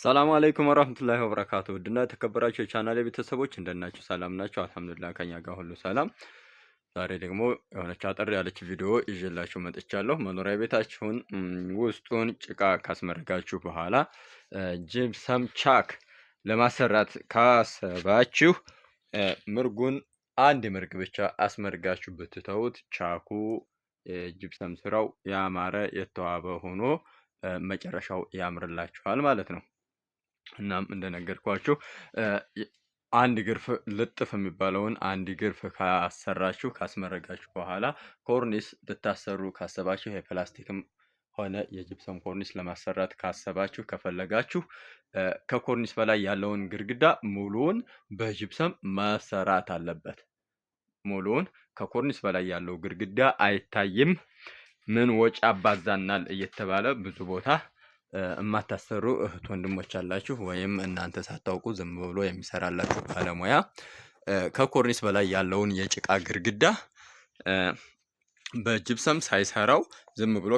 ሰላም አለይኩም ወራህመቱላሂ ወበረካቱ። ውድና የተከበራችሁ የቻናል ቤተሰቦች እንደናችሁ ሰላም ናችሁ? አልሐምዱሊላህ ከኛ ጋር ሁሉ ሰላም። ዛሬ ደግሞ የሆነች አጠር ያለች ቪዲዮ ይዤላችሁ መጥቻለሁ። መኖሪያ ቤታችሁን ውስጡን ጭቃ ካስመረጋችሁ በኋላ ጅብሰም ቻክ ለማሰራት ካሰባችሁ ምርጉን አንድ ምርግ ብቻ አስመርጋችሁ ብትተውት ቻኩ የጅብሰም ስራው ያማረ የተዋበ ሆኖ መጨረሻው ያምርላችኋል ማለት ነው። እናም እንደነገርኳችሁ አንድ ግርፍ ልጥፍ የሚባለውን አንድ ግርፍ ካሰራችሁ ካስመረጋችሁ በኋላ ኮርኒስ ልታሰሩ ካሰባችሁ የፕላስቲክም ሆነ የጅብሰም ኮርኒስ ለማሰራት ካሰባችሁ ከፈለጋችሁ ከኮርኒስ በላይ ያለውን ግድግዳ ሙሉውን በጅብሰም መሰራት አለበት። ሙሉውን ከኮርኒስ በላይ ያለው ግድግዳ አይታይም። ምን ወጪ አባዛናል እየተባለ ብዙ ቦታ የማታሰሩ እህት ወንድሞች አላችሁ፣ ወይም እናንተ ሳታውቁ ዝም ብሎ የሚሰራላችሁ ባለሙያ ከኮርኒስ በላይ ያለውን የጭቃ ግድግዳ በጅብሰም ሳይሰራው ዝም ብሎ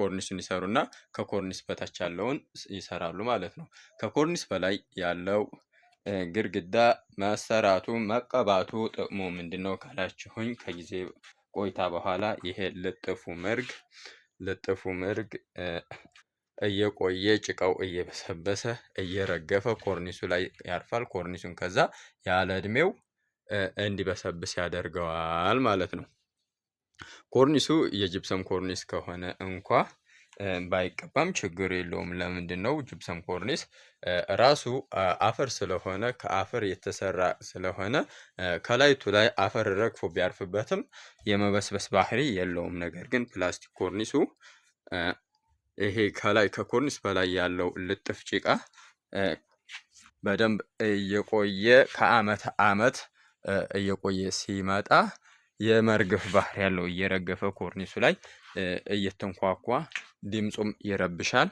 ኮርኒሱን ይሰሩና ከኮርኒስ በታች ያለውን ይሰራሉ ማለት ነው። ከኮርኒስ በላይ ያለው ግድግዳ መሰራቱ መቀባቱ ጥቅሙ ምንድን ነው ካላችሁኝ፣ ከጊዜ ቆይታ በኋላ ይሄ ልጥፉ ምርግ ልጥፉ ምርግ እየቆየ ጭቃው እየበሰበሰ እየረገፈ ኮርኒሱ ላይ ያርፋል። ኮርኒሱን ከዛ ያለ እድሜው እንዲበሰብስ ያደርገዋል ማለት ነው። ኮርኒሱ የጅብሰም ኮርኒስ ከሆነ እንኳ ባይቀባም ችግር የለውም። ለምንድን ነው ጅብሰም ኮርኒስ ራሱ አፈር ስለሆነ ከአፈር የተሰራ ስለሆነ ከላይቱ ላይ አፈር ረግፎ ቢያርፍበትም የመበስበስ ባህሪ የለውም። ነገር ግን ፕላስቲክ ኮርኒሱ ይሄ ከላይ ከኮርኒስ በላይ ያለው ልጥፍ ጭቃ በደንብ እየቆየ ከአመት አመት እየቆየ ሲመጣ የመርገፍ ባህሪ ያለው እየረገፈ ኮርኒሱ ላይ እየተንኳኳ ድምፁም ይረብሻል።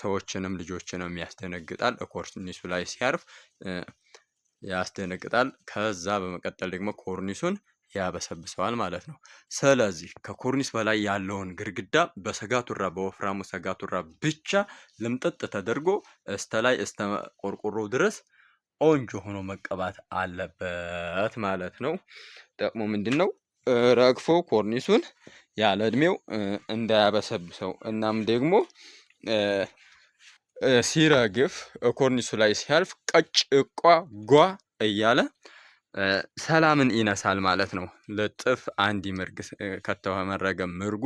ሰዎችንም ልጆችንም ያስደነግጣል። ኮርኒሱ ላይ ሲያርፍ ያስደነግጣል። ከዛ በመቀጠል ደግሞ ኮርኒሱን ያበሰብሰዋል ማለት ነው። ስለዚህ ከኮርኒስ በላይ ያለውን ግድግዳ በሰጋቱራ በወፍራሙ ሰጋቱራ ብቻ ልምጥጥ ተደርጎ እስተ ላይ እስተ ቆርቆሮ ድረስ ቆንጆ ሆኖ መቀባት አለበት ማለት ነው። ደግሞ ምንድን ነው? ረግፎ ኮርኒሱን ያለ እድሜው እንዳያበሰብሰው እናም ደግሞ ሲረግፍ ኮርኒሱ ላይ ሲያልፍ ቀጭቋ ጓ እያለ ሰላምን ይነሳል ማለት ነው። ልጥፍ አንድ ምርግ ከተመረገ ምርጉ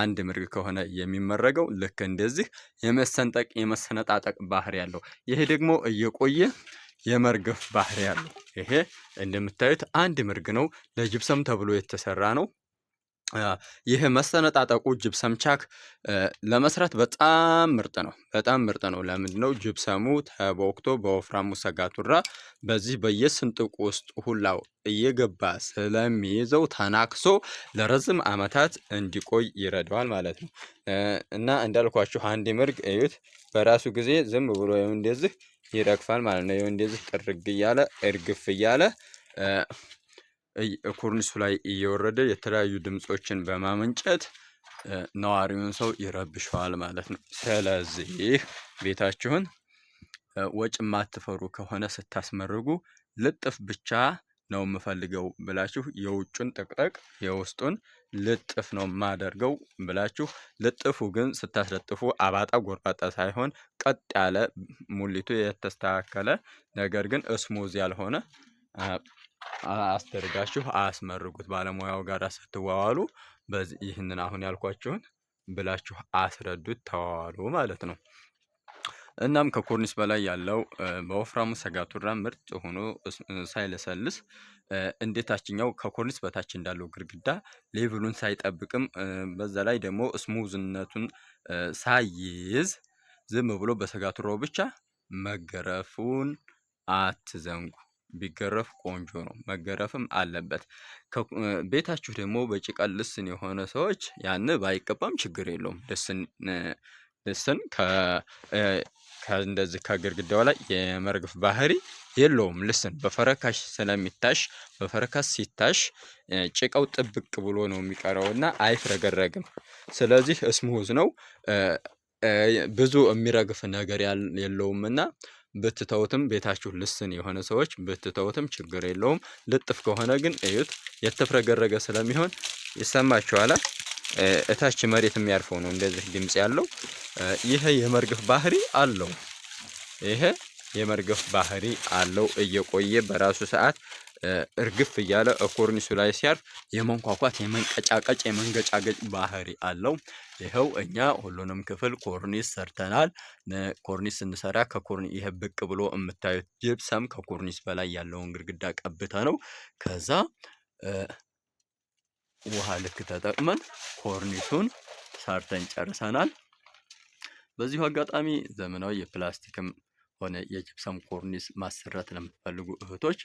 አንድ ምርግ ከሆነ የሚመረገው ልክ እንደዚህ የመሰንጠቅ የመሰነጣጠቅ ባህሪ ያለው ይሄ ደግሞ እየቆየ የመርገፍ ባህሪ ያለው ይሄ እንደምታዩት አንድ ምርግ ነው። ለጅብሰም ተብሎ የተሰራ ነው። ይህ መሰነጣጠቁ ጅብሰም ቻክ ለመስራት በጣም ምርጥ ነው። በጣም ምርጥ ነው። ለምንድ ነው ጅብሰሙ ተቦክቶ በወፍራሙ ሰጋቱራ በዚህ በየስንጥቁ ውስጥ ሁላው እየገባ ስለሚይዘው ተናክሶ ለረዝም ዓመታት እንዲቆይ ይረዳዋል ማለት ነው። እና እንዳልኳችሁ አንድ ምርግ እዩት፣ በራሱ ጊዜ ዝም ብሎ እንደዚህ ይረግፋል ማለት ነው። እንደዚህ ጥርግ እያለ እርግፍ እያለ ኮርኒሱ ላይ እየወረደ የተለያዩ ድምፆችን በማመንጨት ነዋሪውን ሰው ይረብሸዋል ማለት ነው። ስለዚህ ቤታችሁን ወጭ ማትፈሩ ከሆነ ስታስመርጉ ልጥፍ ብቻ ነው የምፈልገው ብላችሁ የውጩን ጥቅጥቅ የውስጡን ልጥፍ ነው የማደርገው ብላችሁ ልጥፉ ግን ስታስለጥፉ አባጣ ጎርባጣ ሳይሆን ቀጥ ያለ ሙሊቱ የተስተካከለ ነገር ግን እስሙዝ ያልሆነ አስተርጋችሁ አስመርቁት። ባለሙያው ጋር ስትዋዋሉ በዚህ ይህንን አሁን ያልኳችሁን ብላችሁ አስረዱት፣ ተዋዋሉ ማለት ነው። እናም ከኮርኒስ በላይ ያለው በወፍራሙ ሰጋቱራ ምርጥ ሆኖ ሳይለሰልስ እንዴታችኛው ታችኛው ከኮርኒስ በታች እንዳለው ግድግዳ ሌቭሉን ሳይጠብቅም በዛ ላይ ደግሞ ስሙዝነቱን ሳይይዝ ዝም ብሎ በሰጋቱራው ብቻ መገረፉን አትዘንጉ። ቢገረፍ ቆንጆ ነው፣ መገረፍም አለበት። ቤታችሁ ደግሞ በጭቃ ልስን የሆነ ሰዎች ያን ባይቀባም ችግር የለውም። ልስን እንደዚህ ከግድግዳው ላይ የመርግፍ ባህሪ የለውም። ልስን በፈረካሽ ስለሚታሽ በፈረካሽ ሲታሽ ጭቃው ጥብቅ ብሎ ነው የሚቀረው እና አይፍረገረግም። ስለዚህ እስሙዝ ነው ብዙ የሚረግፍ ነገር የለውም እና። ብትተውትም ቤታችሁ ልስን የሆነ ሰዎች ብትተውትም ችግር የለውም። ልጥፍ ከሆነ ግን እዩት፣ የተፍረገረገ ስለሚሆን ይሰማችኋል። እታች መሬት የሚያርፈው ነው እንደዚህ ድምፅ ያለው። ይሄ የመርገፍ ባህሪ አለው። ይሄ የመርገፍ ባህሪ አለው። እየቆየ በራሱ ሰዓት እርግፍ እያለ ኮርኒሱ ላይ ሲያርፍ የመንኳኳት የመንቀጫቀጭ የመንገጫገጭ ባህሪ አለው። ይኸው እኛ ሁሉንም ክፍል ኮርኒስ ሰርተናል። ኮርኒስ ስንሰራ ይህ ብቅ ብሎ የምታዩት ጅብሰም ከኮርኒስ በላይ ያለውን ግድግዳ ቀብተ ነው። ከዛ ውሃ ልክ ተጠቅመን ኮርኒሱን ሰርተን ጨርሰናል። በዚሁ አጋጣሚ ዘመናዊ የፕላስቲክም ሆነ የጅብሰም ኮርኒስ ማሰራት ለምትፈልጉ እህቶች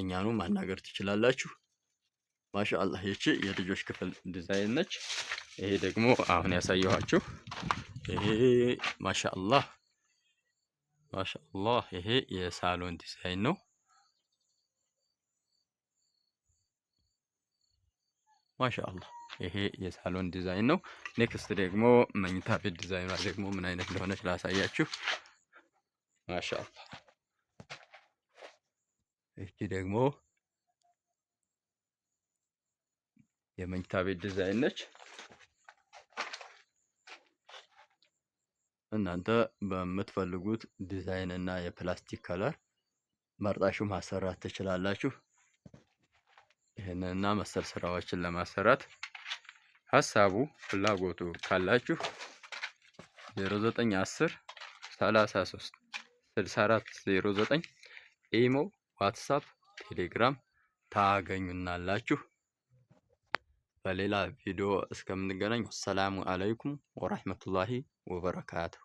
እኛኑ ማናገር ትችላላችሁ። ማሻአላህ ይቺ የልጆች ክፍል ዲዛይን ነች። ይሄ ደግሞ አሁን ያሳየኋችሁ ይሄ ማሻአላህ ማሻአላህ ይሄ የሳሎን ዲዛይን ነው። ማሻአላህ ይሄ የሳሎን ዲዛይን ነው። ኔክስት ደግሞ መኝታ ቤት ዲዛይኗ ደግሞ ምን አይነት እንደሆነች ላሳያችሁ። ማሻላ እቺ ደግሞ የመኝታ ቤት ዲዛይን ነች። እናንተ በምትፈልጉት ዲዛይን እና የፕላስቲክ ከለር መርጣችሁ ማሰራት ትችላላችሁ። ይህንንና መሰል ስራዎችን ለማሰራት ሀሳቡ ፍላጎቱ ካላችሁ 0910 33 6409 ኢሞ፣ ዋትሳፕ፣ ቴሌግራም ታገኙናላችሁ። በሌላ ቪዲዮ እስከምንገናኝ ሰላሙ አለይኩም ወራህመቱላሂ ወበረካቱሁ።